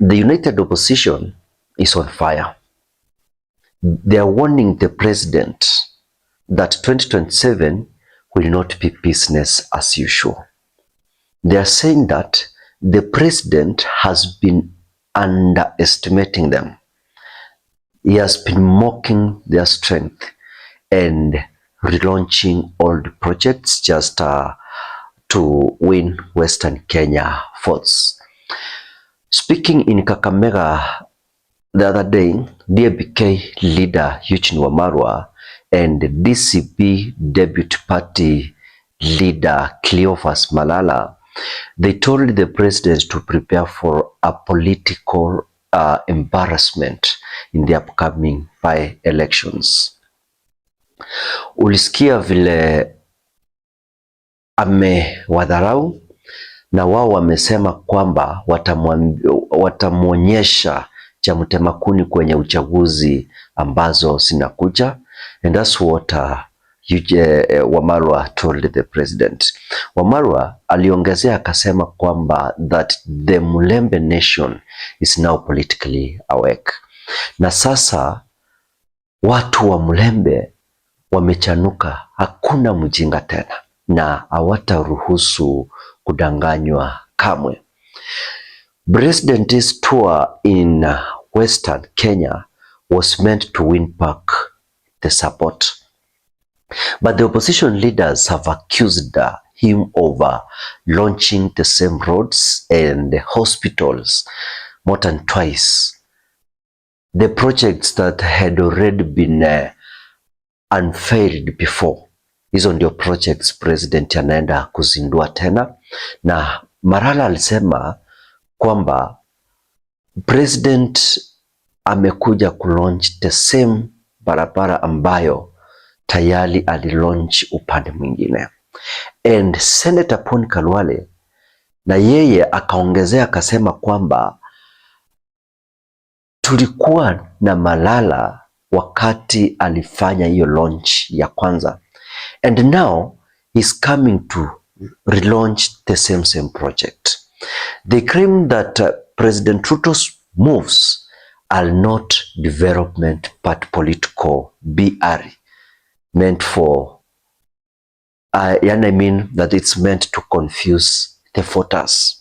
The United Opposition is on fire. They are warning the president that 2027 will not be business as usual. They are saying that the president has been underestimating them. He has been mocking their strength and relaunching old projects just uh, to win Western Kenya votes. Speaking in Kakamega the other day, DABK leader Eugene Wamalwa and DCP deputy party leader Cleophas Malala, they told the president to prepare for a political uh, embarrassment in the upcoming by elections. Ulisikia vile amewadharau na wao wamesema kwamba watamwonyesha cha mtema kwenye uchaguzi ambazo zinakuja, and that's what uh, eh, eh, Wamalwa told the president. Wamalwa aliongezea akasema kwamba that the Mulembe nation is now politically awake, na sasa watu wa Mulembe wamechanuka, hakuna mjinga tena na hawataruhusu kudanganywa kamwe. President's tour in Western Kenya was meant to win back the support but the opposition leaders have accused him of launching the same roads and the hospitals more than twice the projects that had already been uh, unfailed before Hizo ndio projects president anaenda kuzindua tena, na Malala alisema kwamba president amekuja kulaunch the same barabara ambayo tayari alilaunch upande mwingine. And Senator Pon Kalwale na yeye akaongezea akasema kwamba tulikuwa na Malala wakati alifanya hiyo launch ya kwanza, and now he's coming to relaunch the same same project. They claim that uh, President Ruto's moves are not development but political BR meant for uh, and I mean that it's meant to confuse the voters.